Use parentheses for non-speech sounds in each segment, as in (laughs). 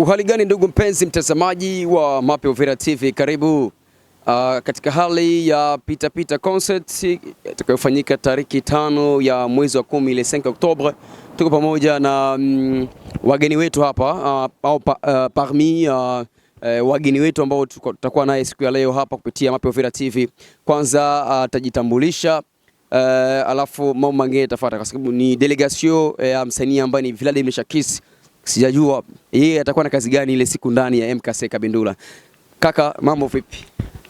Uhali gani ndugu mpenzi mtazamaji wa Mapya Uvira TV, karibu uh, katika hali ya pitapita concert itakayofanyika tariki tano ya mwezi wa kumi ile 5 Oktobre. Tuko pamoja na mm, wageni wetu hapa uh, au pa, uh, parmi uh, uh, wageni wetu ambao tutakuwa naye siku ya leo hapa kupitia Mapya Uvira TV. Kwanza uh, atajitambulisha uh, Uh, alafu mambo mengine tafuata kwa sababu ni delegation eh, ya uh, msanii ambaye ni Vladimir Shakis Sijajua yeye atakuwa na kazi gani ile siku ndani ya MKC Kabindula. Kaka, mambo vipi?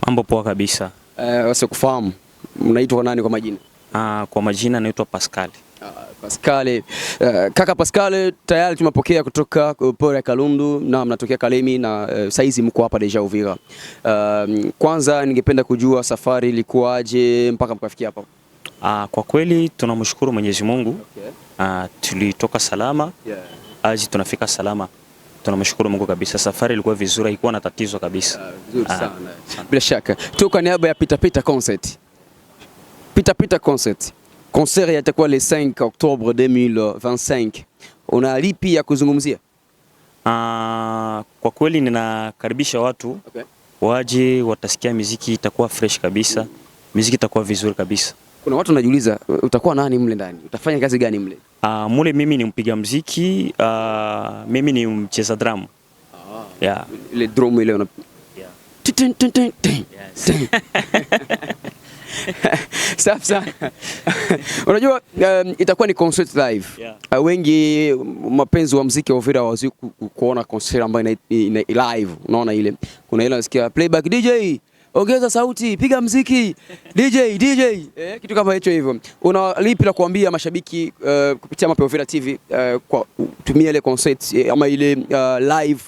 Mambo poa kabisa. Eh, wase kufahamu mnaitwa nani kwa majina? Ah, kwa majina naitwa Pascal. Ah, Pascal, uh, kaka Pascal tayari tumepokea kutoka pore ya Kalundu na mnatokea Kalemi na uh, saizi mko hapa Deja Uvira. Uh, kwanza ningependa kujua safari ilikuwaje mpaka mkafikia hapa? Uh, kwa kweli tunamshukuru Mwenyezi Mungu. Okay. Uh, tulitoka salama. Yeah aji tunafika salama. Tunamshukuru Mungu kabisa. Safari ilikuwa vizuri, haikuwa na tatizo kabisa. Ah, vizuri ah, sana. Bila shaka. Tu niaba ya Pita Pita Concert. Pita Pita Concert. Concert yatakuwa le 5 octobre 2025. Una lipi ya kuzungumzia? Ah, kwa kweli ninakaribisha watu okay, waje watasikia miziki itakuwa fresh kabisa. Mm. Miziki itakuwa vizuri kabisa. Kuna watu wanajiuliza utakuwa nani mle ndani? Utafanya kazi gani mle? Uh, mule mimi ni mpiga mziki uh, mimi ni mcheza drum. Ah, yeah. Ile drum ile una... yeah. Yes. (laughs) Safi sana. Unajua um, itakuwa ni concert live. Yeah. Uh, wengi mapenzi wa mziki wa Uvira hawawezi kuona concert ambayo ina, ina live. Unaona ile. Kuna ile nasikia playback DJ ongeza sauti, piga mziki DJ, DJ. Eh, kitu kama hicho hivyo. Una lipi la kuambia mashabiki uh, kupitia Mapema Vida TV uh, eh, kwa tumia ile concert uh, eh, ama ile uh, live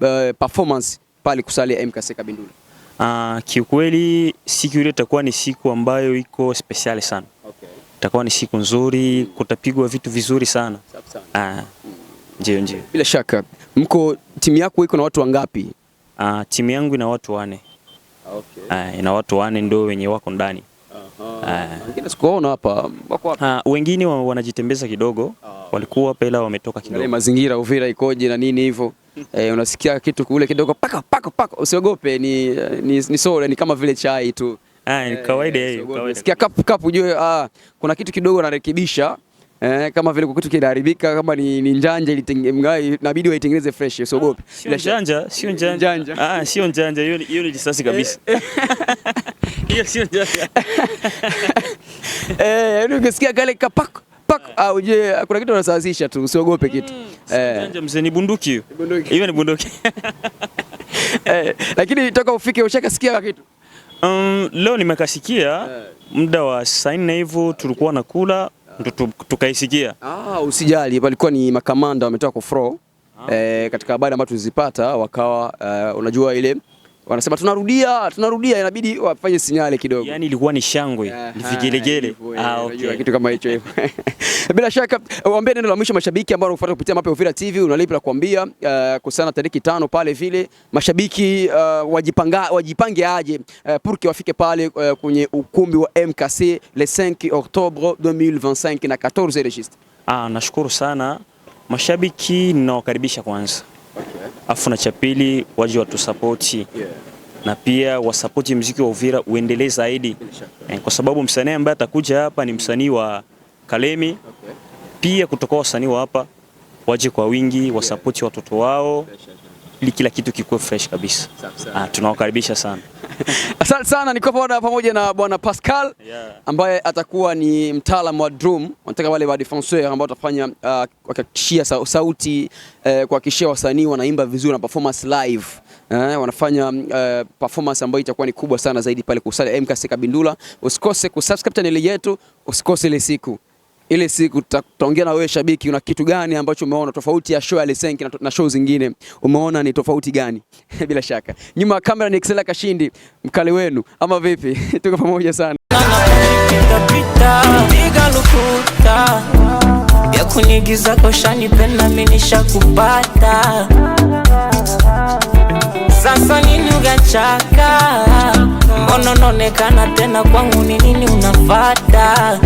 uh, performance pale kusali MKC Kabindula? Uh, kiukweli siku ile itakuwa ni siku ambayo iko special sana. Okay. Itakuwa ni siku nzuri, kutapigwa vitu vizuri sana. Ah. Uh, ndio ndio. Bila shaka. Mko timu yako iko na watu wangapi? Uh, timu yangu ina watu wane okay. Uh, ah, na watu wane ndio wenye wako ndani ah. hapa uh, wengine wanajitembeza kidogo uh, walikuwa pela wametoka kidogo. Mazingira Uvira ikoje na nini hivyo? (laughs) E, unasikia kitu kule kidogo paka paka paka, usiogope, ni ni, ni sore, ni kama vile chai tu. Ah, ni eh, kawaida hiyo, Unasikia kapu kapu, ujue ah, kuna kitu kidogo anarekebisha Eh, kama vile kitu kinaharibika kama ni, ni njanja inabidi waitengeneze fresh, usiogope. Ah, sio njanja, sio njanja. Ah, sio njanja, hiyo hiyo ni risasi kabisa. Eh, eh. (laughs) Hiyo sio njanja. (laughs) Eh, yaani ukisikia kale kapako eh. au je, kuna kitu wanasawazisha tu, usiogope mm. kitu. Sio njanja mzee, ni bunduki hiyo. Hiyo ni bunduki. (laughs) Eh, lakini toka ufike ushakasikia kitu. Um, leo nimekasikia muda wa saa nne hivyo tulikuwa nakula ndo tukaisikia. Ah, usijali, palikuwa ni makamanda wametoka kufro ah. Eh, katika habari ambayo tulizipata wakawa, uh, unajua ile wanasema tunarudia, tunarudia, inabidi wafanye sinyale kidogo. Yani ilikuwa ni shangwe, ni vigelegele, eh, ah, okay. Kitu kama hicho hivyo. (laughs) Bila shaka waambie neno la mwisho mashabiki ambao wanakufuata kupitia Mapya Uvira TV, unalipi la kuambia uh, eh, kusana tariki tano pale vile mashabiki uh, wajipanga, wajipange aje uh, purki wafike pale uh, kwenye ukumbi wa MKC le 5 Octobre 2025 na 14 registre. Ah, nashukuru sana mashabiki, ninawakaribisha kwanza afu na cha pili waje watusapoti na pia wasapoti mziki wa Uvira uendelee zaidi eh, kwa sababu msanii ambaye atakuja hapa ni msanii wa Kalemi pia kutoka wasanii wa hapa waje kwa wingi wasapoti watoto wao ili kila kitu kikuwe fresh kabisa. Ah, tunawakaribisha sana. (laughs) Asante sana, niko hapa pamoja na bwana Pascal yeah, ambaye atakuwa ni mtaalamu wa drum. Nataka wale wa defenseur ambao watafanya uh, kuhakikishia sauti uh, kuhakikishia wasanii wanaimba vizuri na performance live uh, wanafanya uh, performance ambayo itakuwa ni kubwa sana zaidi pale kusali MKC Kabindula. Usikose kusubscribe channel yetu, usikose ile siku ile siku tutaongea na wewe shabiki, una kitu gani ambacho umeona tofauti ya show ya Lesenki na, na show zingine, umeona ni tofauti gani? (laughs) Bila shaka nyuma ya kamera ni Excella Kashindi, mkali wenu ama vipi? (laughs) tuko pamoja sana ya kunigiza sasa, nini ugachaka? Mbona unaonekana tena kwangu, ni nini unafata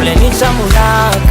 kule nitamulaka